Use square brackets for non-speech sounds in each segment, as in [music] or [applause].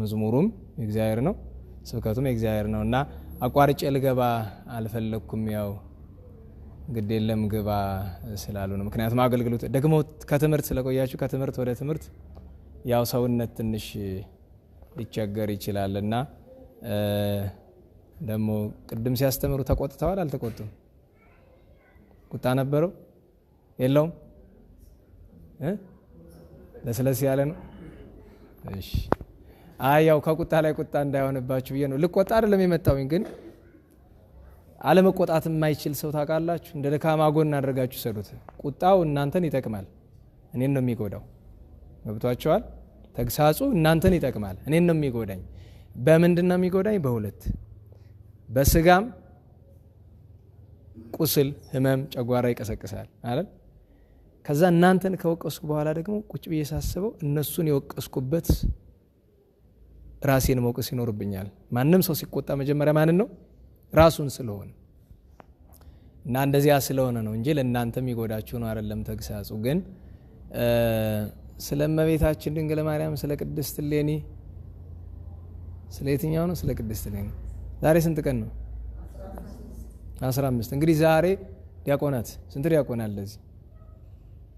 መዝሙሩም እግዚአብሔር ነው፣ ስብከቱም እግዚአብሔር ነው እና አቋርጬ ልገባ አልፈለግኩም። ያው ግድ የለም ግባ ስላሉ ነው። ምክንያቱም አገልግሎት ደግሞ ከትምህርት ስለቆያችሁ ከትምህርት ወደ ትምህርት ያው ሰውነት ትንሽ ሊቸገር ይችላል እና ደግሞ ቅድም ሲያስተምሩ ተቆጥተዋል? አልተቆጡም? ቁጣ ነበረው የለውም? ለስለስ ያለ ነው። እሺ አይ ያው ከቁጣ ላይ ቁጣ እንዳይሆንባችሁ ብዬ ነው። ልቆጣ አይደለም የመጣውኝ፣ ግን አለመቆጣት የማይችል ሰው ታውቃላችሁ። እንደ ደካማ ጎን አድርጋችሁ ሰዱት። ቁጣው እናንተን ይጠቅማል፣ እኔን ነው የሚጎዳው። ገብቷቸዋል። ተግሳጹ እናንተን ይጠቅማል፣ እኔን ነው የሚጎዳኝ። በምንድን ነው የሚጎዳኝ? በሁለት በስጋም ቁስል፣ ህመም፣ ጨጓራ ይቀሰቅሳል አለ። ከዛ እናንተን ከወቀስኩ በኋላ ደግሞ ቁጭ ብዬ ሳስበው እነሱን የወቀስኩበት ራሴን መውቀስ ይኖርብኛል። ማንም ሰው ሲቆጣ መጀመሪያ ማንን ነው? ራሱን ስለሆነ እና እንደዚያ ስለሆነ ነው እንጂ ለእናንተም ይጎዳችሁ ነው አይደለም። ተግሳጹ ግን ስለ እመቤታችን ድንግል ማርያም ስለ ቅድስት እሌኒ ስለ የትኛው ነው? ስለ ቅድስት እሌኒ ዛሬ ስንት ቀን ነው? አስራ አምስት እንግዲህ ዛሬ ዲያቆናት ስንት ዲያቆን አለ እዚህ?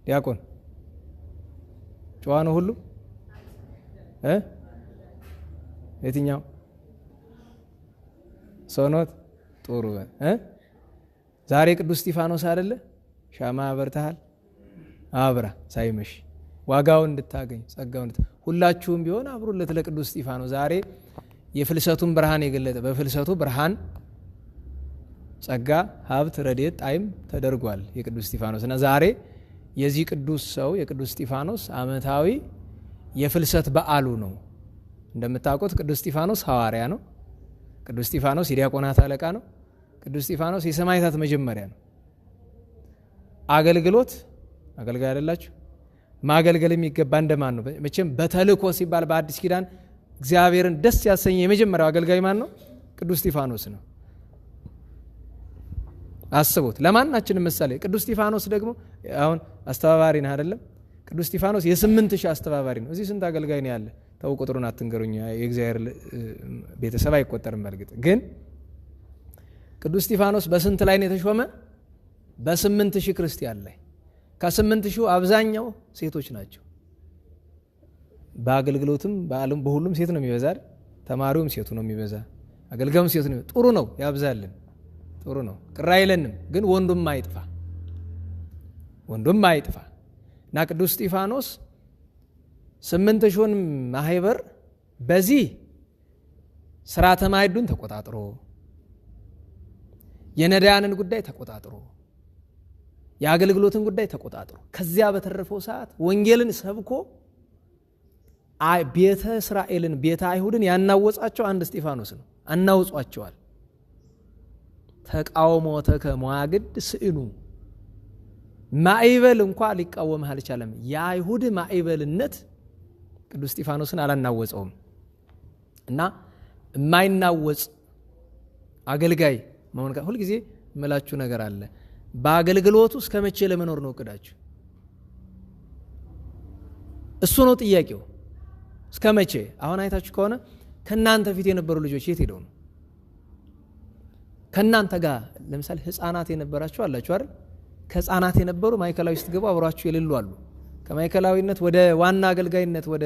ዲያቆን ጨዋ ነው ሁሉ የትኛው ሶኖት ጥሩ ዛሬ ቅዱስ እስጢፋኖስ አደለ ሻማ አበርተሃል አብራ ሳይመሽ ዋጋውን እንድታገኝ ጸጋው ሁላችሁም ቢሆን አብሩለት ለቅዱስ እስጢፋኖስ ዛሬ የፍልሰቱን ብርሃን የገለጠ በፍልሰቱ ብርሃን ጸጋ ሀብት ረዴት ጣዕም ተደርጓል የቅዱስ እስጢፋኖስ እና ዛሬ የዚህ ቅዱስ ሰው የቅዱስ እስጢፋኖስ አመታዊ የፍልሰት በዓሉ ነው እንደምታውቁት ቅዱስ እስጢፋኖስ ሐዋርያ ነው። ቅዱስ እስጢፋኖስ የዲያቆናት አለቃ ነው። ቅዱስ እስጢፋኖስ የሰማዕታት መጀመሪያ ነው። አገልግሎት አገልጋይ አይደላችሁ። ማገልገል የሚገባ እንደማን ነው? መቼም በተልእኮ ሲባል በአዲስ ኪዳን እግዚአብሔርን ደስ ያሰኘ የመጀመሪያው አገልጋይ ማን ነው? ቅዱስ እስጢፋኖስ ነው። አስቡት። ለማናችንም ምሳሌ ቅዱስ እስጢፋኖስ ደግሞ አሁን አስተባባሪ ነህ አይደለም? ቅዱስ እስጢፋኖስ የስምንት ሺህ አስተባባሪ ነው። እዚህ ስንት አገልጋይ ነው ያለ? ተው ቁጥሩን አትንገሩኛ የእግዚአብሔር ቤተሰብ አይቆጠርም። በእርግጥ ግን ቅዱስ እስጢፋኖስ በስንት ላይ ነው የተሾመ? በስምንት ሺህ ክርስቲያን ላይ። ከስምንት ሺህ አብዛኛው ሴቶች ናቸው። በአገልግሎትም በአለም በሁሉም ሴት ነው የሚበዛ፣ ተማሪውም ሴቱ ነው የሚበዛ፣ አገልጋዩም ሴቱ ነው። ጥሩ ነው፣ ያብዛልን። ጥሩ ነው፣ ቅር አይለንም። ግን ወንዱም አይጥፋ፣ ወንዱም አይጥፋ እና ቅዱስ እስጢፋኖስ ስምንት ሺሁን ማህበር በዚህ ስራ ማዕዱን ተቆጣጥሮ የነዳያንን ጉዳይ ተቆጣጥሮ የአገልግሎትን ጉዳይ ተቆጣጥሮ ከዚያ በተረፈው ሰዓት ወንጌልን ሰብኮ ቤተ እስራኤልን ቤተ አይሁድን ያናወጻቸው አንድ እስጢፋኖስ ነው። አናውጿቸዋል። ተከ መዋግድ ስእኑ ማዕበል እንኳ ሊቃወምህ አልቻለም። የአይሁድ ማዕበልነት ቅዱስ እስጢፋኖስን አላናወፀውም እና የማይናወጽ አገልጋይ መሆን ሁልጊዜ ምላችሁ ነገር አለ በአገልግሎቱ እስከ መቼ ለመኖር ነው እቅዳችሁ እሱ ነው ጥያቄው እስከ መቼ አሁን አይታችሁ ከሆነ ከእናንተ ፊት የነበሩ ልጆች የት ሄደው ነው ከእናንተ ጋር ለምሳሌ ህፃናት የነበራችሁ አላችሁ አይደል ከህፃናት የነበሩ ማይከላዊ ስትገቡ አብሯችሁ የሌሉ አሉ ከማይከላዊነት ወደ ዋና አገልጋይነት ወደ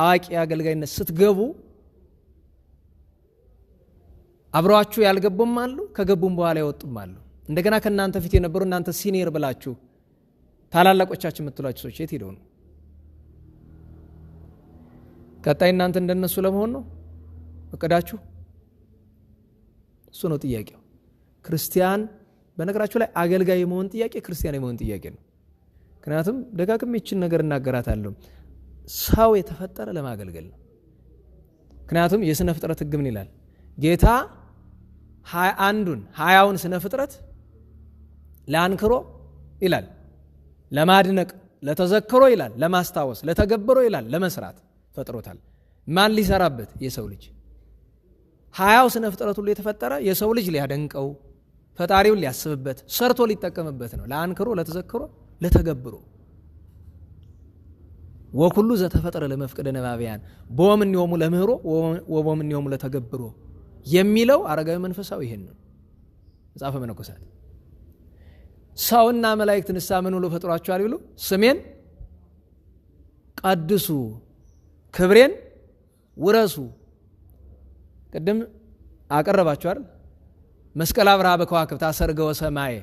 አዋቂ አገልጋይነት ስትገቡ አብረዋችሁ ያልገቡም አሉ፣ ከገቡም በኋላ ይወጡም አሉ። እንደገና ከእናንተ ፊት የነበሩ እናንተ ሲኒየር ብላችሁ ታላላቆቻችን የምትሏቸው ሰዎች የት ሄደው ነው? ቀጣይ እናንተ እንደነሱ ለመሆን ነው እቅዳችሁ? እሱ ነው ጥያቄው። ክርስቲያን በነገራችሁ ላይ አገልጋይ የመሆን ጥያቄ ክርስቲያን የመሆን ጥያቄ ነው። ምክንያቱም ደጋግሜ ይችን ነገር እናገራታለሁ። ሰው የተፈጠረ ለማገልገል ነው። ምክንያቱም የስነ ፍጥረት ህግ ምን ይላል? ጌታ አንዱን ሀያውን ስነ ፍጥረት ለአንክሮ ይላል፣ ለማድነቅ ለተዘክሮ ይላል፣ ለማስታወስ ለተገበሮ ይላል፣ ለመስራት ፈጥሮታል። ማን ሊሰራበት? የሰው ልጅ ሀያው ስነ ፍጥረት ሁሉ የተፈጠረ የሰው ልጅ ሊያደንቀው ፈጣሪውን ሊያስብበት ሰርቶ ሊጠቀምበት ነው። ለአንክሮ ለተዘክሮ ለተገብሮ ወኩሉ ዘተፈጠረ ለመፍቀደ ነባቢያን በወም እንዲሆሙ ለምህሮ ወቦም እንዲሆሙ ለተገብሮ የሚለው አረጋዊ መንፈሳዊ ይሄን ነው። መጽሐፈ መነኮሳት ሰውና መላእክት ንስሐ ምን ብሎ ፈጥሯቸዋል ቢሉ ስሜን ቀድሱ፣ ክብሬን ውረሱ። ቅድም አቀረባቸዋል መስቀል አብርሃ በከዋክብት አሰርገወ ሰማየ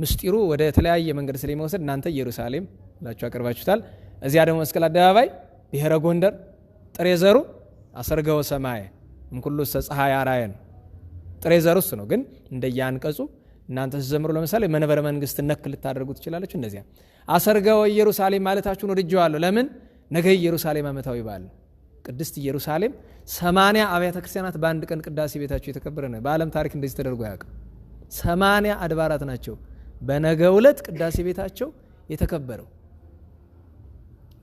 ምስጢሩ ወደ ተለያየ መንገድ ስለሚወሰድ እናንተ ኢየሩሳሌም ብላችሁ አቅርባችሁታል። እዚያ ደግሞ መስቀል አደባባይ ብሔረ ጎንደር ጥሬ ዘሩ አሰርገው ሰማይ እምኩሉ ውስተ ፀሐይ አራየን ጥሬ ዘሩ እሱ ነው። ግን እንደየአንቀጹ እናንተ ስዘምሩ ለምሳሌ መንበረ መንግስት ነክ ልታደርጉ ትችላለች። እንደዚያ አሰርገው ኢየሩሳሌም ማለታችሁን ወድጀዋለሁ። ለምን ነገ ኢየሩሳሌም ዓመታዊ በዓል ነው። ቅድስት ኢየሩሳሌም ሰማንያ አብያተ ክርስቲያናት በአንድ ቀን ቅዳሴ ቤታቸው የተከበረ ነው። በዓለም ታሪክ እንደዚህ ተደርጎ አያውቅም። ሰማንያ አድባራት ናቸው። በነገ ዕለት ቅዳሴ ቤታቸው የተከበረው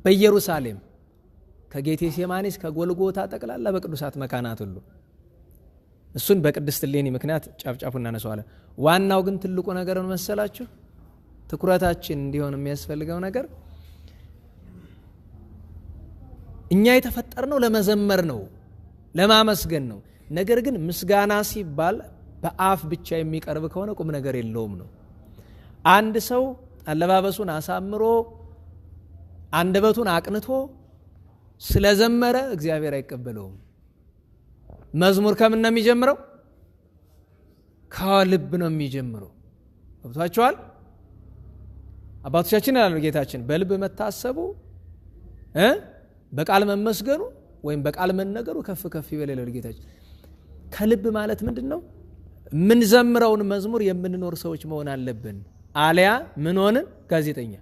በኢየሩሳሌም ከጌቴ ሴማኒስ ከጎልጎታ ጠቅላላ በቅዱሳት መካናት ሁሉ እሱን በቅድስት ሌኒ ምክንያት ጫፍጫፉ እናነሰዋለን። ዋናው ግን ትልቁ ነገር መሰላችሁ ትኩረታችን እንዲሆን የሚያስፈልገው ነገር እኛ የተፈጠርነው ለመዘመር ነው፣ ለማመስገን ነው። ነገር ግን ምስጋና ሲባል በአፍ ብቻ የሚቀርብ ከሆነ ቁም ነገር የለውም ነው። አንድ ሰው አለባበሱን አሳምሮ አንደበቱን አቅንቶ ስለዘመረ እግዚአብሔር አይቀበለውም። መዝሙር ከምን ነው የሚጀምረው? ከልብ ነው የሚጀምረው። ገብቷቸዋል። አባቶቻችን ይላሉ ጌታችን በልብ መታሰቡ በቃል መመስገኑ ወይም በቃል መነገሩ ከፍ ከፍ ይበል ጌታችን። ከልብ ማለት ምንድን ነው? የምንዘምረውን መዝሙር የምንኖር ሰዎች መሆን አለብን። አሊያ ምን ሆንን? ጋዜጠኛ።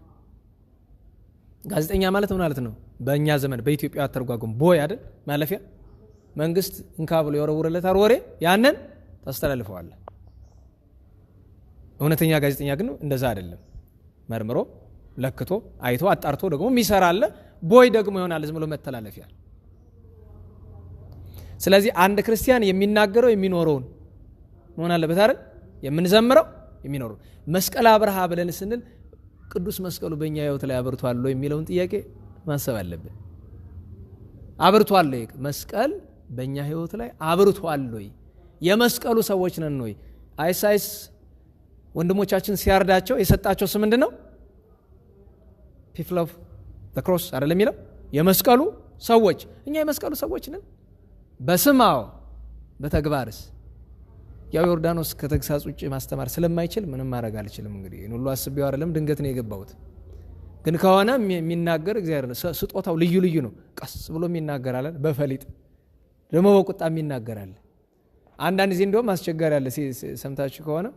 ጋዜጠኛ ማለት ምን ማለት ነው? በእኛ ዘመን በኢትዮጵያ አተርጓጉም ቦይ አይደል? ማለፊያ መንግስት እንካ ብሎ የወረውረለታል ወሬ፣ ያንን ታስተላልፈዋለ። እውነተኛ ጋዜጠኛ ግን እንደዛ አይደለም። መርምሮ ለክቶ አይቶ አጣርቶ ደግሞ የሚሰራለ ቦይ ደግሞ ይሆናል፣ ዝም ብሎ መተላለፊያ። ስለዚህ አንድ ክርስቲያን የሚናገረው የሚኖረውን መሆን አለበት አይደል? የምንዘምረው የሚኖሩ መስቀል አብርሃ ብለን ስንል ቅዱስ መስቀሉ በእኛ ህይወት ላይ አበርቷል የሚለውን ጥያቄ ማሰብ አለብን። አብርቷል መስቀል በእኛ ህይወት ላይ አብርቷል ወይ? የመስቀሉ ሰዎች ነን ወይ? አይሳይስ ወንድሞቻችን ሲያርዳቸው የሰጣቸው ስም ምንድን ነው? ፒፕል ኦፍ ዘ ክሮስ አይደለም የሚለው የመስቀሉ ሰዎች። እኛ የመስቀሉ ሰዎች ነን በስም አዎ፣ በተግባርስ ያው ዮርዳኖስ ከተግሳጽ ውጭ ማስተማር ስለማይችል ምንም ማድረግ አልችልም። እንግዲህ ይህን ሁሉ አስቤው አይደለም፣ ድንገት ነው የገባሁት። ግን ከሆነ የሚናገር እግዚአብሔር ነው። ስጦታው ልዩ ልዩ ነው። ቀስ ብሎ የሚናገራለን፣ በፈሊጥ ደግሞ በቁጣ የሚናገራል። አንዳንድ ጊዜ እንዲሁም አስቸጋሪ አለ። ሰምታችሁ ከሆነ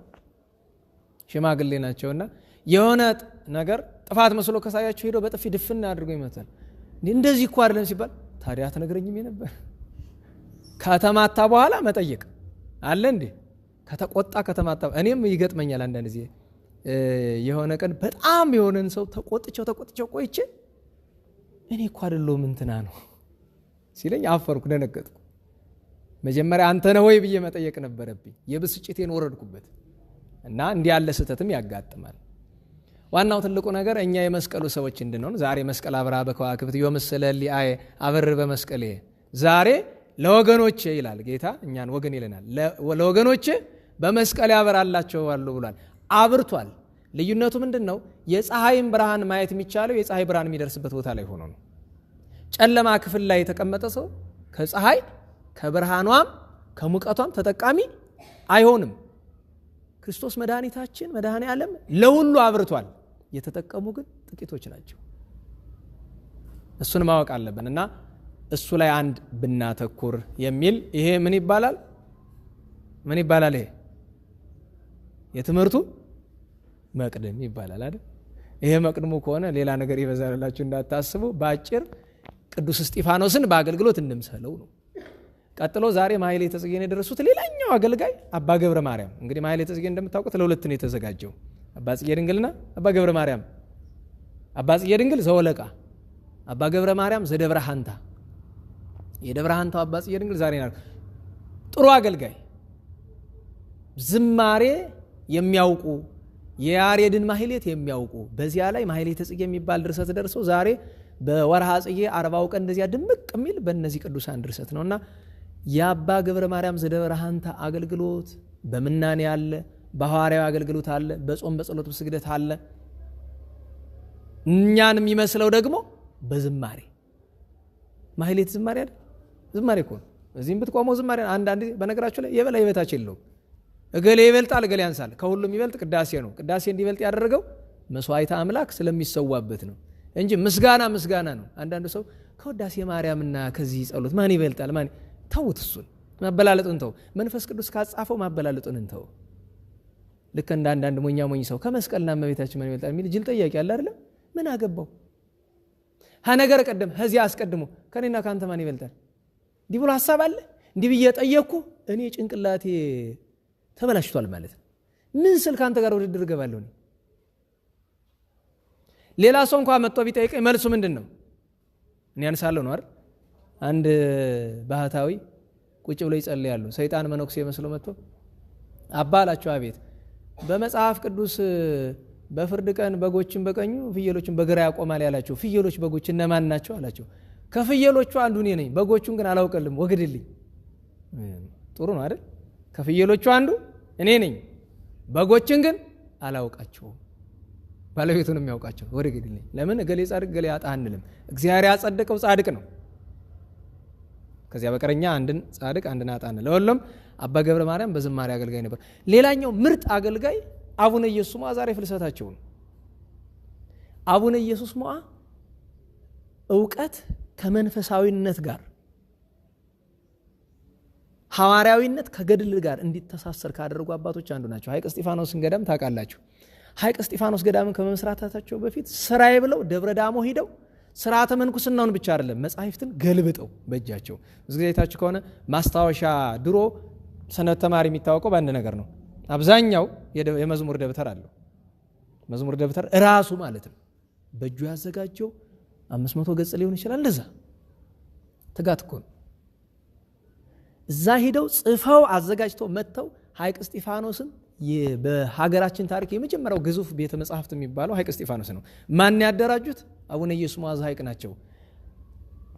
ሽማግሌ ናቸውና የሆነ ነገር ጥፋት መስሎ ከሳያቸው ሄዶ በጥፊ ድፍን አድርጎ ይመታል። እንደዚህ እኮ አይደለም ሲባል ታዲያ አትነግረኝም የነበር ከተማታ በኋላ መጠየቅ አለ እንዴ? ከተቆጣ ከተማታ እኔም ይገጥመኛል አንዳንድ ጊዜ የሆነ ቀን በጣም የሆነን ሰው ተቆጥቸው ተቆጥቸው ቆይቼ እኔ እኮ አይደለሁም እንትና ነው ሲለኝ አፈርኩ፣ ደነገጥኩ። መጀመሪያ አንተ ነህ ወይ ብዬ መጠየቅ ነበረብኝ። የብስጭቴን ወረድኩበት እና እንዲህ ያለ ስህተትም ያጋጥማል። ዋናው ትልቁ ነገር እኛ የመስቀሉ ሰዎች እንድንሆን ዛሬ መስቀል አብራ በከዋክብት ዮምስለ ሊአየ አበር በመስቀል ዛሬ ለወገኖቼ ይላል ጌታ እኛን ወገን ይለናል ለወገኖቼ በመስቀል አሉ ብሏል። አብርቷል። ልዩነቱ ምንድን ነው? የፀሐይን ብርሃን ማየት የሚቻለው የፀሐይ ብርሃን የሚደርስበት ቦታ ላይ ሆኖ ነው። ጨለማ ክፍል ላይ የተቀመጠ ሰው ከፀሐይ ከብርሃኗም ከሙቀቷም ተጠቃሚ አይሆንም። ክርስቶስ መድኃኒታችን መድኃኔ ዓለም ለሁሉ አብርቷል። የተጠቀሙ ግን ጥቂቶች ናቸው። እሱን ማወቅ አለብን እና እሱ ላይ አንድ ብናተኩር የሚል ይሄ ምን ይባላል? ምን ይባላል ይሄ የትምህርቱ መቅድም ይባላል አይደል? ይሄ መቅድሙ ከሆነ ሌላ ነገር ይበዛላችሁ እንዳታስቡ። በአጭር ቅዱስ እስጢፋኖስን በአገልግሎት እንምሰለው ነው። ቀጥሎ ዛሬ ማሕሌተ ጽጌን የደረሱት ሌላኛው አገልጋይ አባ ገብረ ማርያም። እንግዲህ ማሕሌተ ጽጌ እንደምታውቁት ለሁለት ነው የተዘጋጀው፣ አባ ጽጌ ድንግልና አባ ገብረ ማርያም። አባ ጽጌ ድንግል ዘወለቃ፣ አባ ገብረ ማርያም ዘደብረ ሀንታ። የደብረ ሀንታው አባ ጽጌ ድንግል ዛሬ ጥሩ አገልጋይ ዝማሬ የሚያውቁ የያሬድን ማህሌት የሚያውቁ በዚያ ላይ ማህሌተ ጽጌ የሚባል ድርሰት ደርሶ ዛሬ በወርሃ ጽጌ አርባው ቀን እንደዚያ ድምቅ የሚል በእነዚህ ቅዱሳን ድርሰት ነው እና የአባ ገብረ ማርያም ዘደብረሃንታ አገልግሎት በምናኔ አለ፣ በሐዋርያዊ አገልግሎት አለ፣ በጾም በጸሎት በስግደት አለ። እኛን የሚመስለው ደግሞ በዝማሬ ማህሌት ዝማሬ አይደል? ዝማሬ እኮ ነው። እዚህም ብትቆመው ዝማሬ አንዳንድ በነገራችሁ ላይ የበላይ በታች የለውም። እገሌ ይበልጣል፣ እገሌ ያንሳል። ከሁሉም ይበልጥ ቅዳሴ ነው። ቅዳሴ እንዲበልጥ ያደረገው መስዋዕተ አምላክ ስለሚሰዋበት ነው እንጂ ምስጋና ምስጋና ነው። አንዳንዱ ሰው ከወዳሴ ማርያምና ከዚህ ጸሎት ማን ይበልጣል? ማን ተውት፣ እሱን ማበላለጡን ተው። መንፈስ ቅዱስ ካጻፈው ማበላለጡን እንተው። ልክ እንደ አንዳንድ ሞኛ ሞኝ ሰው ከመስቀልና እመቤታችን ማን ይበልጣል የሚል ጅል ጠያቂ አለ አይደለም? ምን አገባው? ሀነገር ቀደም ከዚህ አስቀድሞ ከኔና ከአንተ ማን ይበልጣል? እንዲህ ብሎ ሀሳብ አለ። እንዲህ ብዬ ጠየቅኩ እኔ ጭንቅላቴ ተበላሽቷል ማለት ነው። ምን ስል ከአንተ ጋር ውድድር እገባለሁ? ሌላ ሰው እንኳ መጥቶ ቢጠይቀኝ መልሱ ምንድን ነው? እኔ ያንሳለሁ ነው አይደል? አንድ ባህታዊ ቁጭ ብሎ ይጸልያሉ። ሰይጣን መነኩሴ መስሎ መጥቶ አባ አላቸው። አቤት። በመጽሐፍ ቅዱስ በፍርድ ቀን በጎችን በቀኙ ፍየሎችን በግራ ያቆማል ያላቸው ፍየሎች በጎች እነማን ናቸው አላቸው። ከፍየሎቹ አንዱ እኔ ነኝ፣ በጎቹን ግን አላውቅልም፣ ወግድልኝ። ጥሩ ነው አይደል? ከፍየሎቹ አንዱ እኔ ነኝ። በጎችን ግን አላውቃቸውም። ባለቤቱንም ያውቃቸው ወደ ገድልኝ ለምን እገሌ ጻድቅ እገሌ አጣ አንልም። እግዚአብሔር ያጸደቀው ጻድቅ ነው። ከዚያ በቀረኛ አንድን ጻድቅ አንድን አጣ አንል። ለሁሉም አባ ገብረ ማርያም በዝማሬ አገልጋይ ነበር። ሌላኛው ምርጥ አገልጋይ አቡነ ኢየሱስ ሞዐ ዛሬ ፍልሰታቸው ነው። አቡነ ኢየሱስ ሞዐ እውቀት ከመንፈሳዊነት ጋር ሐዋርያዊነት ከገድል ጋር እንዲተሳሰር ካደረጉ አባቶች አንዱ ናቸው። ሐይቅ እስጢፋኖስን ገዳም ታውቃላችሁ። ሐይቅ እስጢፋኖስ ገዳምን ከመመስራታቸው በፊት ስራዬ ብለው ደብረ ዳሞ ሂደው ስርዓተ መንኩስናውን ብቻ አይደለም መጽሐፍትን ገልብጠው በእጃቸው እዚ ከሆነ ማስታወሻ፣ ድሮ ሰንበት ተማሪ የሚታወቀው በአንድ ነገር ነው። አብዛኛው የመዝሙር ደብተር አለው። መዝሙር ደብተር እራሱ ነው። በእጁ ያዘጋጀው አምስት መቶ ገጽ ሊሆን ይችላል። እንደዛ ትጋት እኮ ነው። እዛ ሂደው ጽፈው አዘጋጅተው መጥተው ሀይቅ እስጢፋኖስን በሀገራችን ታሪክ የመጀመሪያው ግዙፍ ቤተ መጽሐፍት የሚባለው ሀይቅ እስጢፋኖስ ነው። ማን ያደራጁት? አቡነ ኢየሱስ መዋዝ ሀይቅ ናቸው።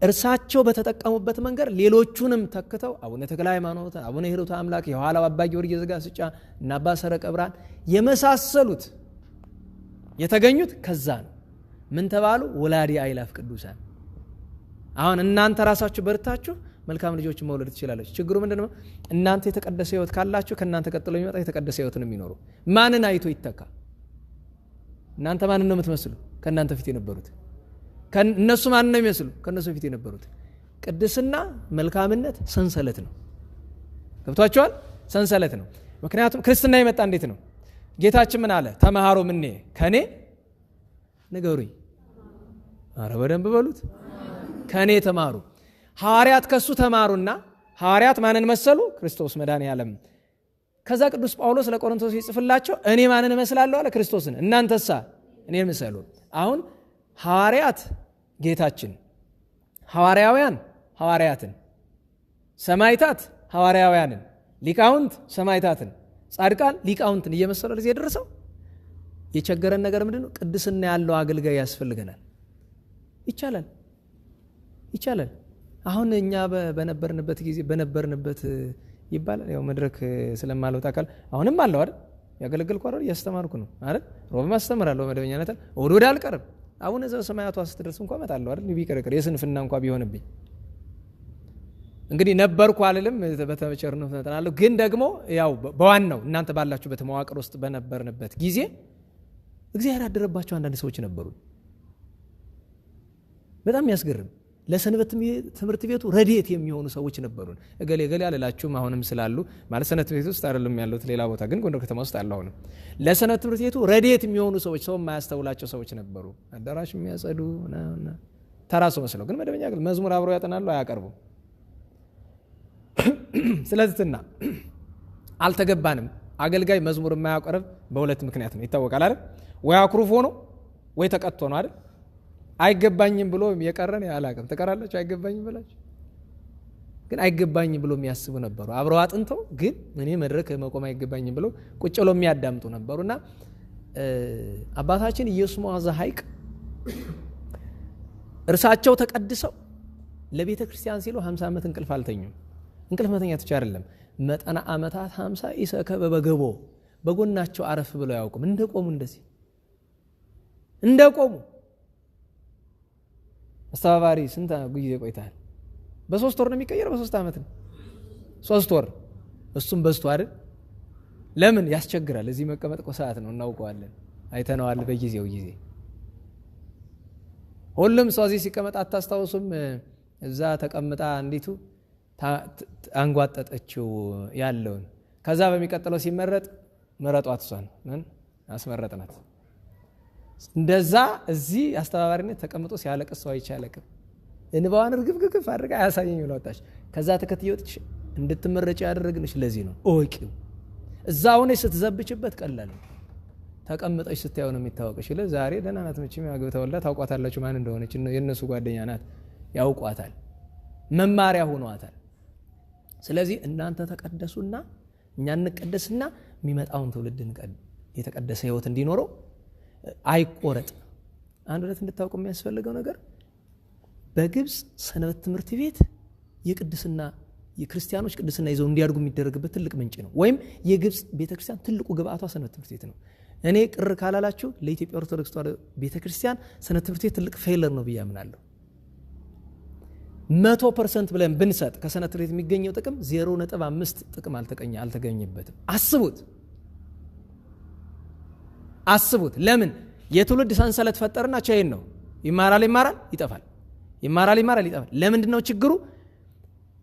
እርሳቸው በተጠቀሙበት መንገድ ሌሎቹንም ተክተው አቡነ ተክለ ሃይማኖት፣ አቡነ ሄሮት አምላክ፣ የኋላው አባ ጊዮርጊስ ዘጋስጫ እና አባ ሰረቀ ብርሃን የመሳሰሉት የተገኙት ከዛ ነው። ምን ተባሉ? ወላዲ አይላፍ ቅዱሳን። አሁን እናንተ ራሳችሁ በርታችሁ መልካም ልጆችን መውለድ ትችላለች። ችግሩ ምንድነው? እናንተ የተቀደሰ ህይወት ካላችሁ ከእናንተ ቀጥሎ የሚመጣ የተቀደሰ ህይወት ነው የሚኖሩ ማንን አይቶ ይተካ? እናንተ ማንን ነው የምትመስሉ? ከእናንተ ፊት የነበሩት እነሱ ማንን ነው የሚመስሉ? ከእነሱ ፊት የነበሩት። ቅድስና መልካምነት ሰንሰለት ነው። ገብቷቸዋል? ሰንሰለት ነው። ምክንያቱም ክርስትና የመጣ እንዴት ነው? ጌታችን ምን አለ? ተመሃሮ ምን ከእኔ ንገሩኝ። አረ በደንብ በሉት ከእኔ ተማሩ ሐዋርያት ከሱ ተማሩና ሐዋርያት ማንን መሰሉ? ክርስቶስ መድኃኔ ዓለም። ከዛ ቅዱስ ጳውሎስ ለቆሮንቶስ ይጽፍላቸው እኔ ማንን እመስላለሁ አለ? ክርስቶስን። እናንተሳ እኔ ምሰሉ። አሁን ሐዋርያት ጌታችን፣ ሐዋርያውያን ሐዋርያትን፣ ሰማይታት ሐዋርያውያንን፣ ሊቃውንት ሰማይታትን፣ ጻድቃን ሊቃውንትን እየመሰለ ጊዜ ደርሰው የቸገረን ነገር ምንድን ቅድስና ያለው አገልጋይ ያስፈልገናል። ይቻላል፣ ይቻላል። አሁን እኛ በነበርንበት ጊዜ በነበርንበት ይባላል ያው መድረክ ስለማልወጣ ቃል አሁንም አለው አይደል ያገለገልኩ አይደል እያስተማርኩ ነው አይደል ሮብም አስተምራለሁ መደበኛነት እሑድ ወደ አልቀርም አቡነ ዘበሰማያቱ ስትደርስ እንኳ እመጣለሁ አይደል ቢቀረቅር የስንፍና እንኳ ቢሆንብኝ እንግዲህ ነበርኩ አልልም በተመቸርነት እመጥናለሁ ግን ደግሞ ያው በዋናው እናንተ ባላችሁበት መዋቅር ውስጥ በነበርንበት ጊዜ እግዚአብሔር ያደረባቸው አንዳንድ ሰዎች ነበሩ በጣም ያስገርም ለሰንበት ትምህርት ቤቱ ረድኤት የሚሆኑ ሰዎች ነበሩን። እገሌ እገሌ አልላችሁም፣ አሁንም ስላሉ ማለት ሰንበት ትምህርት ቤት ውስጥ አይደለም ያሉት፣ ሌላ ቦታ ግን ጎንደር ከተማ ውስጥ አለ። አሁንም ለሰንበት ትምህርት ቤቱ ረድኤት የሚሆኑ ሰዎች፣ ሰው የማያስተውላቸው ሰዎች ነበሩ። አዳራሽ የሚያጸዱ ተራ ሰው መስለው፣ ግን መደበኛ መዝሙር አብረው ያጠናሉ፣ አያቀርቡም። [clears throat] ስለዚህና አልተገባንም። አገልጋይ መዝሙር የማያቀርብ በሁለት ምክንያት ነው ይታወቃል አይደል? ወይ አኩርፎ ነው ወይ ተቀጥቶ ነው አይደል? አይገባኝም ብሎ የቀረን አላቅም ትቀራላችሁ። አይገባኝም ብላችሁ ግን አይገባኝም ብሎ የሚያስቡ ነበሩ። አብረው አጥንተው ግን እኔ መድረክ መቆም አይገባኝም ብሎ ቁጭ ብሎ የሚያዳምጡ ነበሩ እና አባታችን ኢየሱስ መዋዛ ሀይቅ እርሳቸው ተቀድሰው ለቤተ ክርስቲያን ሲሉ 50 ዓመት እንቅልፍ አልተኙም። እንቅልፍ መተኛ ትቻ አይደለም መጠና ዓመታት 50 ኢሰከበ በገቦ በጎናቸው አረፍ ብለው አያውቁም። እንደቆሙ እንደዚህ እንደቆሙ አስተባባሪ ስንት ጊዜ ቆይታል? በሶስት ወር ነው የሚቀየር፣ በሶስት ዓመት ነው ሶስት ወር እሱም በዝቶ አይደል? ለምን ያስቸግራል? እዚህ መቀመጥ እኮ ሰዓት ነው፣ እናውቀዋለን፣ አይተነዋል በጊዜው ጊዜ። ሁሉም ሰው እዚህ ሲቀመጥ አታስታውሱም? እዛ ተቀምጣ አንዲቱ አንጓጠጠችው ያለውን። ከዛ በሚቀጥለው ሲመረጥ ምረጧት፣ እሷን ምን አስመረጥናት። እንደዛ እዚህ አስተባባሪነት ተቀምጦ ሲያለቅስ ሰው አይቻለቅም። እንባዋን እርግፍግፍ አድርጋ አያሳየኝ ብላ ወጣች። ከዛ ተከትየወጥች እንድትመረጭ ያደረግንሽ ለዚህ ነው። እወቂው እዛ ሁነሽ ስትዘብችበት ቀላል ተቀምጠች ስታየው ነው የሚታወቀች። ይለ ዛሬ ደህና ናት መቼም ያግብተውላ ታውቋታላችሁ ማን እንደሆነች። የእነሱ ጓደኛ ናት ያውቋታል፣ መማሪያ ሆኗታል። ስለዚህ እናንተ ተቀደሱና እኛ እንቀደስና የሚመጣውን ትውልድ የተቀደሰ ህይወት እንዲኖረው አይቆረጥ። አንድ ሁለት እንድታውቁ የሚያስፈልገው ነገር በግብፅ ሰንበት ትምህርት ቤት የቅድስና የክርስቲያኖች ቅድስና ይዘው እንዲያድጉ የሚደረግበት ትልቅ ምንጭ ነው። ወይም የግብፅ ቤተክርስቲያን ትልቁ ግብአቷ ሰንበት ትምህርት ቤት ነው። እኔ ቅር ካላላችሁ ለኢትዮጵያ ኦርቶዶክስ ተዋህዶ ቤተክርስቲያን ሰንበት ትምህርት ቤት ትልቅ ፌለር ነው ብዬ አምናለሁ። መቶ ፐርሰንት ብለን ብንሰጥ ከሰንበት ትምህርት ቤት የሚገኘው ጥቅም ዜሮ ነጥብ አምስት ጥቅም አልተገኘበትም። አስቡት። አስቡት። ለምን የትውልድ ሰንሰለት ፈጠርና ቻይን ነው። ይማራል ይማራል ይጠፋል፣ ይማራል ይማራል ይጠፋል። ለምንድን ነው ችግሩ?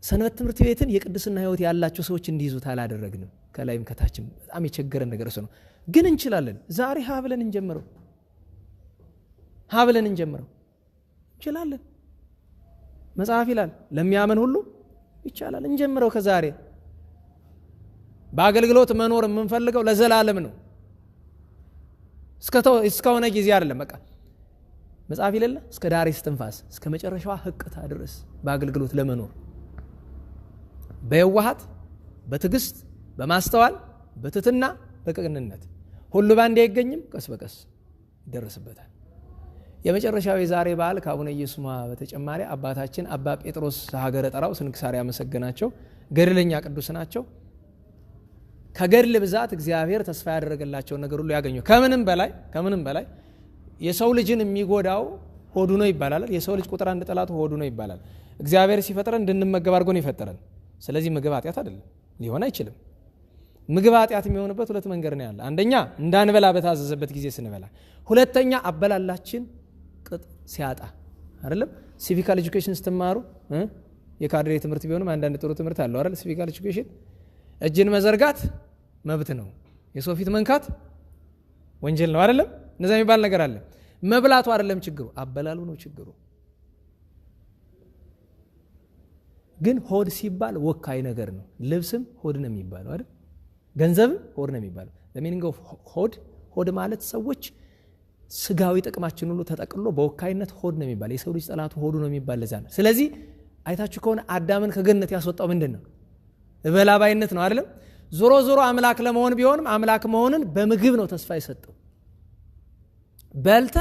ሰንበት ትምህርት ቤትን የቅድስና ህይወት ያላቸው ሰዎች እንዲይዙት አላደረግንም። ከላይም ከታችም በጣም የቸገረን ነገር እሱ ነው። ግን እንችላለን። ዛሬ ሀብለን እንጀምረው፣ ሀብለን እንጀምረው። እንችላለን። መጽሐፍ ይላል ለሚያምን ሁሉ ይቻላል። እንጀምረው ከዛሬ። በአገልግሎት መኖር የምንፈልገው ለዘላለም ነው። እስከሆነ ጊዜ አይደለም በቃ መጽሐፍ ይለለ እስከ ዳር ስትንፋስ እስከ መጨረሻዋ ህቅታ ድረስ በአገልግሎት ለመኖር በየዋሃት በትዕግስት በማስተዋል በትትና በቅንነት ሁሉ ባንዴ አይገኝም ቀስ በቀስ ይደረስበታል የመጨረሻው የዛሬ በዓል ከአቡነ ኢየሱስ በተጨማሪ አባታችን አባ ጴጥሮስ ሀገረ ጠራው ስንክሳር ያመሰገናቸው ገድለኛ ቅዱስ ናቸው ከገድል ብዛት እግዚአብሔር ተስፋ ያደረገላቸውን ነገር ሁሉ ያገኙ ከምንም በላይ ከምንም በላይ የሰው ልጅን የሚጎዳው ሆዱ ነው ይባላል የሰው ልጅ ቁጥር አንድ ጠላቱ ሆዱ ነው ይባላል እግዚአብሔር ሲፈጥረን እንድንመገብ ነው ይፈጠረን ስለዚህ ምግብ ኃጢአት አይደለም ሊሆን አይችልም ምግብ ኃጢአት የሚሆንበት ሁለት መንገድ ነው ያለ አንደኛ እንዳንበላ በታዘዘበት ጊዜ ስንበላ ሁለተኛ አበላላችን ቅጥ ሲያጣ አይደለም ሲቪካል ኤጁኬሽን ስትማሩ የካድሬ ትምህርት ቢሆንም አንዳንድ ጥሩ ትምህርት አለው አይደል ሲቪካል ኤጁኬሽን እጅን መዘርጋት መብት ነው። የሰው ፊት መንካት ወንጀል ነው አይደለም? እነዚ የሚባል ነገር አለ። መብላቱ አይደለም ችግሩ፣ አበላሉ ነው ችግሩ። ግን ሆድ ሲባል ወካይ ነገር ነው። ልብስም ሆድ ነው የሚባለው አይደል? ገንዘብም ሆድ ነው የሚባለው። ለሚኒንግ ኦፍ ሆድ ሆድ ማለት ሰዎች ስጋዊ ጥቅማችን ሁሉ ተጠቅሎ በወካይነት ሆድ ነው የሚባል። የሰው ልጅ ጠላቱ ሆዱ ነው የሚባል ለዛ ነው። ስለዚህ አይታችሁ ከሆነ አዳምን ከገነት ያስወጣው ምንድን ነው? እበላባይነት ነው አይደለም ዞሮ ዞሮ አምላክ ለመሆን ቢሆንም አምላክ መሆንን በምግብ ነው ተስፋ የሰጠው በልታ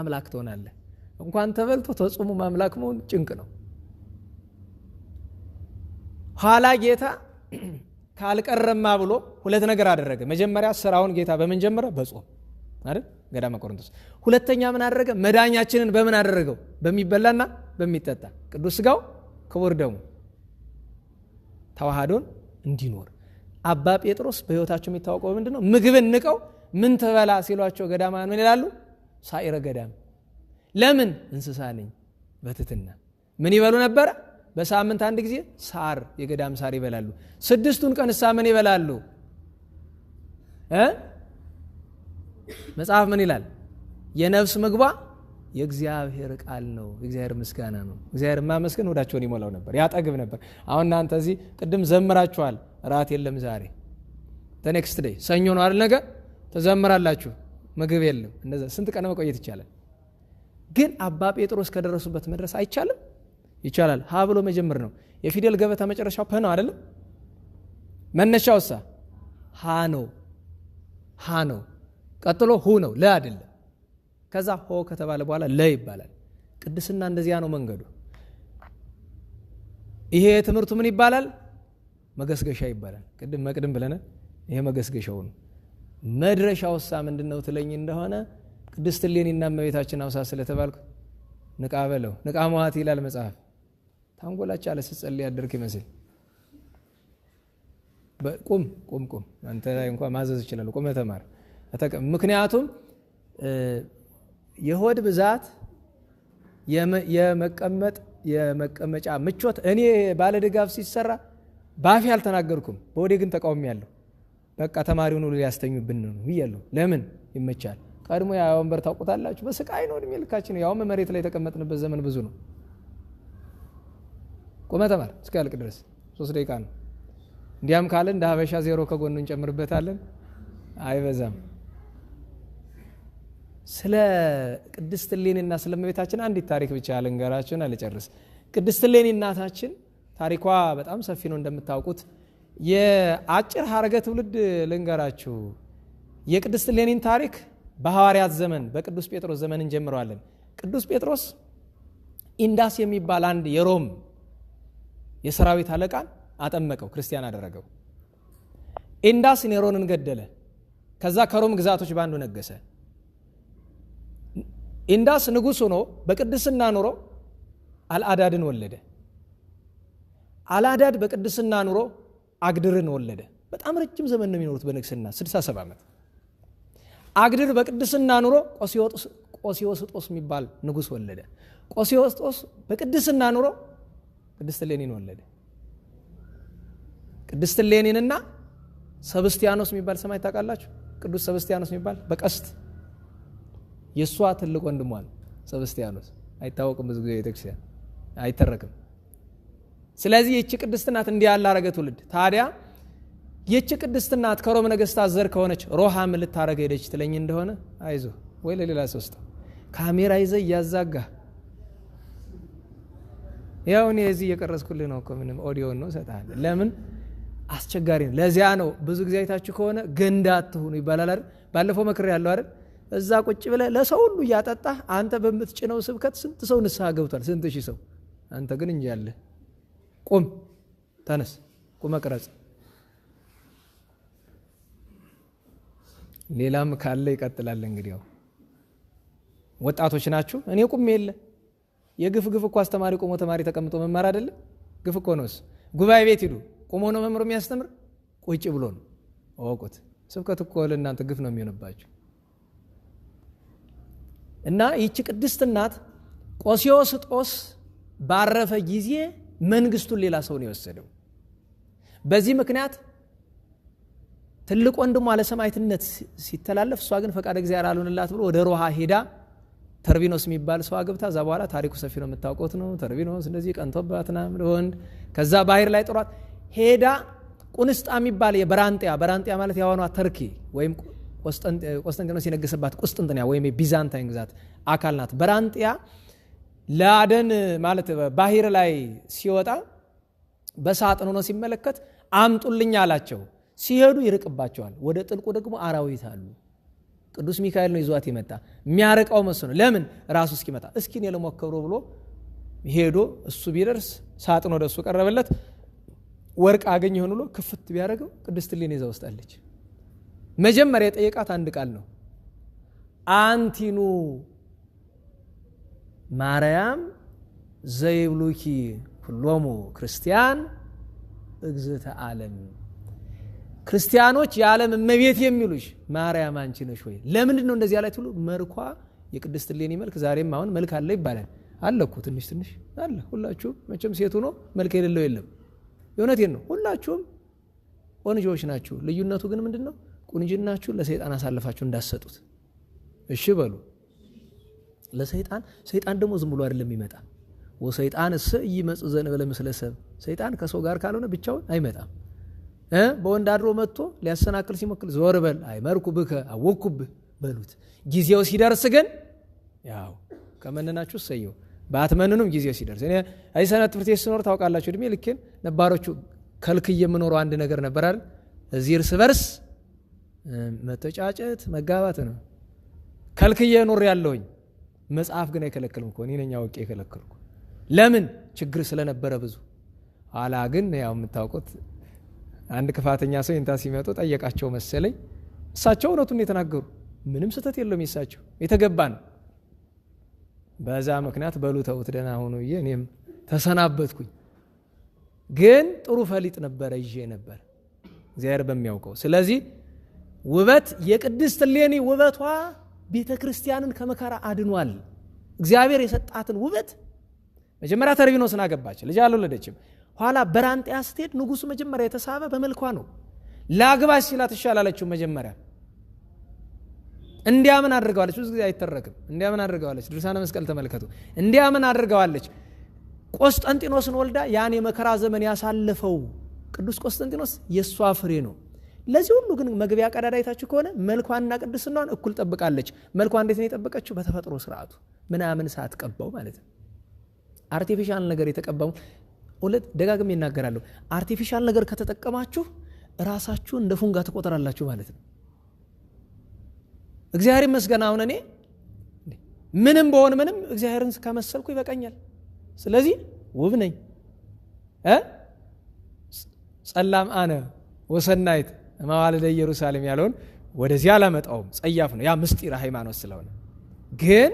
አምላክ ትሆናለህ እንኳን ተበልቶ ተጽሙ አምላክ መሆን ጭንቅ ነው ኋላ ጌታ ካልቀረማ ብሎ ሁለት ነገር አደረገ መጀመሪያ ስራውን ጌታ በምን ጀመረ በጾም አይደል ገዳመ ቆሮንቶስ ሁለተኛ ምን አደረገ መዳኛችንን በምን አደረገው በሚበላና በሚጠጣ ቅዱስ ስጋው ክቡር ደሙ ተዋህዶን እንዲኖር አባ ጴጥሮስ በህይወታቸው የሚታወቀው ምንድ ነው? ምግብን ንቀው ምን ትበላ ሲሏቸው ገዳማን ምን ይላሉ? ሳይረ ገዳም ለምን እንስሳ ነኝ በትትና ምን ይበሉ ነበረ? በሳምንት አንድ ጊዜ ሳር የገዳም ሳር ይበላሉ። ስድስቱን ቀን እሳ ምን ይበላሉ? መጽሐፍ ምን ይላል? የነፍስ ምግቧ የእግዚአብሔር ቃል ነው። የእግዚአብሔር ምስጋና ነው። እግዚአብሔር ማመስገን ወዳቸውን ይሞላው ነበር፣ ያጠግብ ነበር። አሁን እናንተ እዚህ ቅድም ዘምራችኋል። ራት የለም ዛሬ ተኔክስት ደይ ሰኞ ነው አይደል? ነገ ተዘምራላችሁ፣ ምግብ የለም። እንደዛ ስንት ቀን መቆየት ይቻላል? ግን አባ ጴጥሮስ ከደረሱበት መድረስ አይቻልም? ይቻላል። ሀ ብሎ መጀመር ነው። የፊደል ገበታ መጨረሻው ፐ ነው አይደለም? መነሻውሳ ሀ ነው። ሀ ነው። ቀጥሎ ሁ ነው። ለ አይደለም ከዛ ሆ ከተባለ በኋላ ለ ይባላል። ቅድስና እንደዚያ ነው መንገዱ። ይሄ የትምህርቱ ምን ይባላል? መገስገሻ ይባላል። ቅድም መቅድም ብለን ይሄ መገስገሻው ነው። መድረሻ ውሳ ምንድን ነው ትለኝ እንደሆነ ቅድስት እሌኒና መቤታችን አውሳ ስለተባልኩ ንቃ በለው ንቃ መዋት ይላል መጽሐፍ። ታንጎላች አለ ስጸል ያደርክ ይመስል ቁም ቁም ቁም አንተ እንኳ ማዘዝ ይችላል። ቁም ተማር። ምክንያቱም የሆድ ብዛት የመቀመጥ የመቀመጫ ምቾት እኔ ባለ ድጋፍ ሲሰራ ባፌ አልተናገርኩም፣ በወዴ ግን ተቃውሚ ያለሁ። በቃ ተማሪውን ሁሉ ሊያስተኙብን ነው ብያለሁ። ለምን ይመቻል? ቀድሞ ያ ወንበር ታውቁታላችሁ፣ በስቃይ ነው እድሜ ልካችን። ያውም መሬት ላይ የተቀመጥንበት ዘመን ብዙ ነው። ቁመ ተማር እስከ ድረስ ሶስት ደቂቃ ነው። እንዲያም ካለ እንደ ሀበሻ ዜሮ ከጎኑ እንጨምርበታለን። አይበዛም። ስለ ቅድስት ሌኒና ስለ አንዲት ታሪክ ብቻ ልንገራችሁን አልጨርስ። ቅድስት እሌኒ እናታችን ታሪኳ በጣም ሰፊ ነው እንደምታውቁት። የአጭር ሀረገ ትውልድ ልንገራችሁ። የቅድስት ሌኒን ታሪክ በሐዋርያት ዘመን በቅዱስ ጴጥሮስ ዘመን እንጀምረዋለን። ቅዱስ ጴጥሮስ ኢንዳስ የሚባል አንድ የሮም የሰራዊት አለቃን አጠመቀው፣ ክርስቲያን አደረገው። ኢንዳስ ኔሮንን ገደለ። ከዛ ከሮም ግዛቶች በአንዱ ነገሰ። ኢንዳስ ንጉሥ ሆኖ በቅድስና ኑሮ አልአዳድን ወለደ አልአዳድ በቅድስና ኑሮ አግድርን ወለደ በጣም ረጅም ዘመን ነው የሚኖሩት በንግስና 67 ዓመት አግድር በቅድስና ኑሮ ቆሲዮስጦስ የሚባል ንጉሥ ወለደ ቆሲዮስጦስ በቅድስና ኑሮ ቅድስት ሌኒን ወለደ ቅድስት ሌኒንና ሰብስቲያኖስ የሚባል ሰማይ ታውቃላችሁ ቅዱስ ሰብስቲያኖስ የሚባል በቀስት የእሷ ትልቅ ወንድሟ ነው ሰብስቲያኖስ። አይታወቅም፣ ብዙ ጊዜ ቤተክርስቲያን አይተረክም። ስለዚህ የቺ ቅድስት እናት እንዲህ ያለ አረገ ትውልድ። ታዲያ የቺ ቅድስት እናት ከሮም ነገስታት ዘር ከሆነች ሮሃም ልታረገ ሄደች ትለኝ እንደሆነ አይዞ ወይ ለሌላ ሶስተ ካሜራ ይዘ እያዛጋ ያው እኔ እዚህ እየቀረጽኩልህ ነው እኮ ምንም ኦዲዮን ነው እሰጥሃለሁ። ለምን አስቸጋሪ ነው። ለዚያ ነው ብዙ ጊዜ አይታችሁ ከሆነ ገንዳ አትሁኑ ይባላል አይደል? ባለፈው መክሬ ያለው አይደል? እዛ ቁጭ ብለ ለሰው ሁሉ እያጠጣ አንተ በምትጭነው ስብከት ስንት ሰው ንስሐ ገብቷል፣ ስንት ሺህ ሰው። አንተ ግን እንጂ ያለ ቁም፣ ተነስ፣ ቁመ ቅረጽ። ሌላም ካለ ይቀጥላል። እንግዲያው ወጣቶች ናችሁ። እኔ ቁም የለ የግፍ ግፍ እኮ አስተማሪ ቆሞ ተማሪ ተቀምጦ መማር አይደለም ግፍ እኮ ነውስ። ጉባኤ ቤት ሂዱ፣ ቁሞ ነው መምህሩ የሚያስተምር? ቁጭ ብሎ ነው። እወቁት። ስብከት እኮ ለእናንተ ግፍ ነው የሚሆንባችሁ። እና ይቺ ቅድስት እናት ቆስዮስጦስ ባረፈ ጊዜ መንግስቱን ሌላ ሰው ነው የወሰደው። በዚህ ምክንያት ትልቅ ወንድሟ ለሰማዕትነት ሲተላለፍ እሷ ግን ፈቃድ እግዚአብሔር አልሆንላት ብሎ ወደ ሮሃ ሄዳ ተርቢኖስ የሚባል ሰው አግብታ እዛ በኋላ ታሪኩ ሰፊ ነው የምታውቁት ነው። ተርቢኖስ እንደዚህ ቀንቶባትና ወንድ ከዛ ባህር ላይ ጥሯት ሄዳ ቁንስጣ የሚባል የበራንጥያ በራንጥያ ማለት የሆኗ ተርኪ ወይም ቆስጠንጢኖስ የነገሰባት ቁስጥንጥንያ ወይም የቢዛንታይን ግዛት አካል ናት። በራንጥያ ለአደን ማለት ባህር ላይ ሲወጣ በሳጥን ሆኖ ሲመለከት አምጡልኛ አላቸው። ሲሄዱ ይርቅባቸዋል። ወደ ጥልቁ ደግሞ አራዊት አሉ። ቅዱስ ሚካኤል ነው ይዟት የመጣ የሚያረቀው መስ ነው። ለምን ራሱ እስኪመጣ እስኪ እኔ ልሞክሮ ብሎ ሄዶ እሱ ቢደርስ ሳጥን ወደ እሱ ቀረበለት። ወርቅ አገኝ ይሆን ብሎ ክፍት ቢያደረገው ቅድስት እሌኒ ይዛ ውስጣለች። መጀመሪያ የጠየቃት አንድ ቃል ነው። አንቲኑ ማርያም ዘይብሉኪ ሁሎሙ ክርስቲያን እግዝተ ዓለም ክርስቲያኖች የዓለም እመቤት የሚሉሽ ማርያም አንቺ ነሽ ወይ? ለምንድን ነው እንደዚህ ላይ ትሉ? መልኳ የቅድስት ሌኒ መልክ ዛሬም አሁን መልክ አለ ይባላል። አለኩ እኮ ትንሽ ትንሽ አለ። ሁላችሁም መቼም ሴት ሆኖ መልክ የሌለው የለም። የእውነቴን ነው። ሁላችሁም ቆንጆዎች ናችሁ። ልዩነቱ ግን ምንድን ነው? ቁንጅናችሁን ለሰይጣን አሳልፋችሁ እንዳሰጡት እሺ በሉ። ለሰይጣን ሰይጣን ደግሞ ዝም ብሎ አይደለም ይመጣ ወሰይጣን እስ ይመጽ ዘን በለምስለ ሰብ ሰይጣን ከሰው ጋር ካልሆነ ብቻውን አይመጣም። በወንድ አድሮ መጥቶ ሊያሰናክል ሲሞክል ዞር በል አይመርኩ ብከ አወቅኩብህ በሉት። ጊዜው ሲደርስ ግን ያው ከመነናችሁ እሰየው፣ ባትመንኑም ጊዜው ሲደርስ እኔ እዚህ ሰንበት ትምህርት ቤት ስኖር ታውቃላችሁ፣ እድሜ ልኬን ነባሮቹ ከልክ የምኖረው አንድ ነገር ነበር አይደል እዚህ እርስ በርስ መተጫጨት መጋባት ነው። ከልክዬ ኑር ያለውኝ መጽሐፍ ግን አይከለክልም እኮ እኔ ነኝ አውቄ የከለከልኩ። ለምን ችግር ስለነበረ ብዙ ኋላ ግን ያው የምታውቁት አንድ ክፋተኛ ሰው ይንታ ሲመጡ ጠየቃቸው መሰለኝ። እሳቸው እውነቱን የተናገሩ ምንም ስህተት የለውም የሳቸው የተገባ ነው። በዛ ምክንያት በሉ ተውት ደህና ሆኖ ብዬ እኔም ተሰናበትኩኝ። ግን ጥሩ ፈሊጥ ነበረ ይዤ ነበር እግዚአብሔር በሚያውቀው ስለዚህ ውበት የቅድስት ሌኒ ውበቷ ቤተ ክርስቲያንን ከመከራ አድኗል። እግዚአብሔር የሰጣትን ውበት መጀመሪያ ተርቢኖስን አገባች፣ ልጅ አልወለደችም። ኋላ በራንጤያ ስትሄድ ንጉሱ መጀመሪያ የተሳበ በመልኳ ነው። ለአግባሽ ሲላ ትሻላለችው መጀመሪያ እንዲያምን አድርገዋለች። ብዙ ጊዜ አይተረክም። እንዲያምን አድርገዋለች። ድርሳነ መስቀል ተመልከቱ። እንዲያምን አድርገዋለች። ቆስጠንጢኖስን ወልዳ ያን የመከራ ዘመን ያሳለፈው ቅዱስ ቆስጠንጢኖስ የእሷ ፍሬ ነው። ለዚህ ሁሉ ግን መግቢያ ቀዳዳ አይታችሁ ከሆነ መልኳንና ቅድስናዋን እኩል ጠብቃለች። መልኳ እንዴት ነው የጠበቀችው? በተፈጥሮ ስርዓቱ ምናምን ሳትቀባው ማለት ነው። አርቲፊሻል ነገር የተቀባሙ ሁለት ደጋግሜ ይናገራለሁ። አርቲፊሻል ነገር ከተጠቀማችሁ ራሳችሁ እንደ ፉንጋ ትቆጠራላችሁ ማለት ነው። እግዚአብሔር ይመስገን። አሁን እኔ ምንም በሆን ምንም እግዚአብሔርን ከመሰልኩ ይበቃኛል። ስለዚህ ውብ ነኝ ጸላም አነ ወሰናይት መዋልደ ኢየሩሳሌም ያለውን ወደዚህ አላመጣውም። ጸያፍ ነው ያ ምስጢር ሃይማኖት ስለሆነ። ግን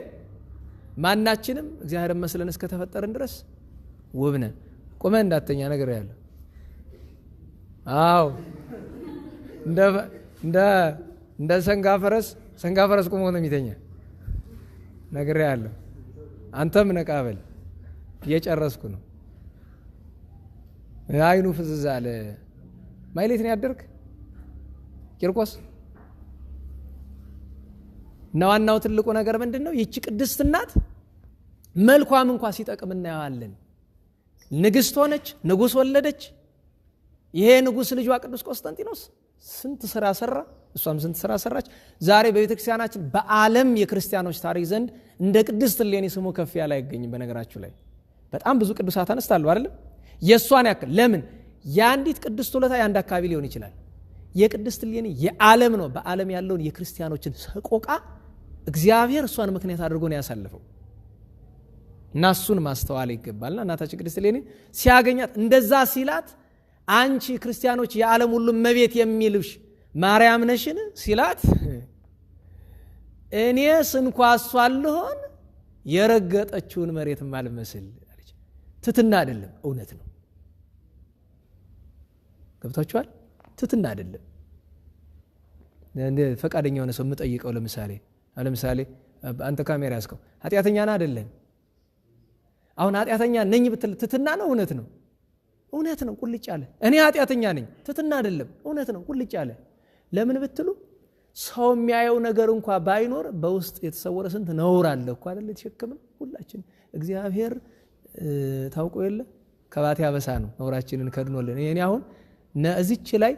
ማናችንም እግዚአብሔር መስለን እስከተፈጠርን ድረስ ውብ ነን። ቁመ እንዳተኛ ነገር ያለው አዎ፣ እንደ ሰንጋ ፈረስ ሰንጋ ፈረስ ቁሞ ነው የሚተኛ ነገር ያለው። አንተም ነቃበል እየጨረስኩ ነው። አይኑ ፍዝዝ አለ ማይሌት ነው ያደርግ ቂርቆስ እና ዋናው ትልቁ ነገር ምንድን ነው? ይቺ ቅድስት እናት መልኳም እንኳ ሲጠቅም እናየዋለን። ንግሥት ሆነች፣ ንጉሥ ወለደች። ይሄ ንጉሥ ልጇ ቅዱስ ቆስጠንጢኖስ ስንት ስራ ሰራ፣ እሷም ስንት ስራ ሰራች። ዛሬ በቤተክርስቲያናችን በአለም የክርስቲያኖች ታሪክ ዘንድ እንደ ቅድስት እሌኒ ስሙ ከፍ ያለ አይገኝም። በነገራችሁ ላይ በጣም ብዙ ቅዱሳት አነስታሉ አይደለም? የእሷን ያክል ለምን የአንዲት ቅድስት ሁለታ የአንድ አካባቢ ሊሆን ይችላል። የቅድስት ሌኒ የዓለም ነው። በዓለም ያለውን የክርስቲያኖችን ሰቆቃ እግዚአብሔር እሷን ምክንያት አድርጎ ነው ያሳልፈው እና እሱን ማስተዋል ይገባልና እናታችን ቅድስት ሌኒ ሲያገኛት እንደዛ ሲላት አንቺ ክርስቲያኖች የዓለም ሁሉ መቤት የሚልሽ ማርያም ነሽን ሲላት እኔ ስንኳ እሷ ልሆን የረገጠችውን መሬት አልመስል ትትና አይደለም፣ እውነት ነው። ገብታችኋል? ትትና አይደለም። ፈቃደኛ የሆነ ሰው የምጠይቀው ለምሳሌ ለምሳሌ አንተ ካሜራ ያስከው ኃጢአተኛ ና አይደለም። አሁን ኃጢአተኛ ነኝ ብትል ትትና ነው እውነት ነው እውነት ነው ቁልጭ አለ። እኔ ኃጢአተኛ ነኝ ትትና አይደለም እውነት ነው ቁልጭ አለ። ለምን ብትሉ ሰው የሚያየው ነገር እንኳ ባይኖር በውስጥ የተሰወረ ስንት ነውር አለ እኮ አይደለ? የተሸከምን ሁላችን እግዚአብሔር ታውቆ የለ ከባቴ አበሳ ነው ነውራችንን ከድኖልን። እኔ አሁን እዚች ላይ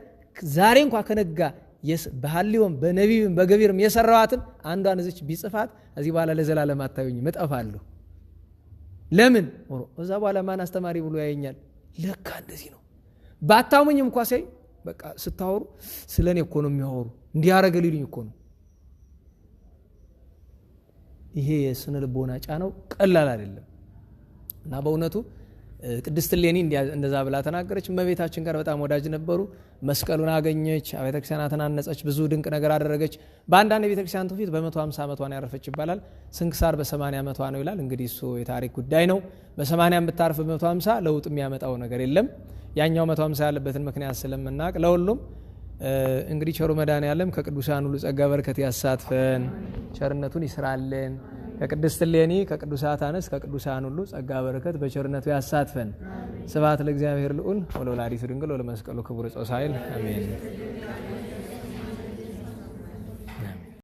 ዛሬ እንኳ ከነጋ በሀሊወም በነቢብም በገቢርም የሰራዋትን አንዷን እዚች ቢጽፋት እዚህ በኋላ ለዘላለም አታዩኝም እጠፋለሁ ለምን እዛ በኋላ ማን አስተማሪ ብሎ ያየኛል ለካ እንደዚህ ነው ባታሙኝም እንኳ ሳይ በቃ ስታወሩ ስለ እኔ እኮ ነው የሚያወሩ እንዲያረገ ሊሉኝ እኮ ነው ይሄ የስነ ልቦና ጫናው ቀላል አይደለም እና በእውነቱ ቅድስት ሌኒ እንደዛ ብላ ተናገረች። እመቤታችን ጋር በጣም ወዳጅ ነበሩ። መስቀሉን አገኘች፣ ቤተክርስቲያናትን አነጸች፣ ብዙ ድንቅ ነገር አደረገች። በአንዳንድ የቤተክርስቲያን ትውፊት በ150 ዓመቷን ያረፈች ይባላል። ስንክሳር በ80 ዓመቷ ነው ይላል። እንግዲህ እሱ የታሪክ ጉዳይ ነው። በ80 ብታርፍ በ150 ለውጥ የሚያመጣው ነገር የለም። ያኛው 150 ያለበትን ምክንያት ስለምናቅ ለሁሉም እንግዲህ ቸሩ መድኃኔ ዓለም ከቅዱሳን ሁሉ ጸጋ በረከት ያሳትፈን፣ ቸርነቱን ይስራልን። ከቅድስት እሌኒ ከቅዱሳት አንስት ከቅዱሳን ሁሉ ጸጋ በረከት በቸርነቱ ያሳትፈን። ስብሐት ለእግዚአብሔር ልዑል ወለወላዲቱ ድንግል ወለመስቀሉ ክቡር ጾሳይል አሜን።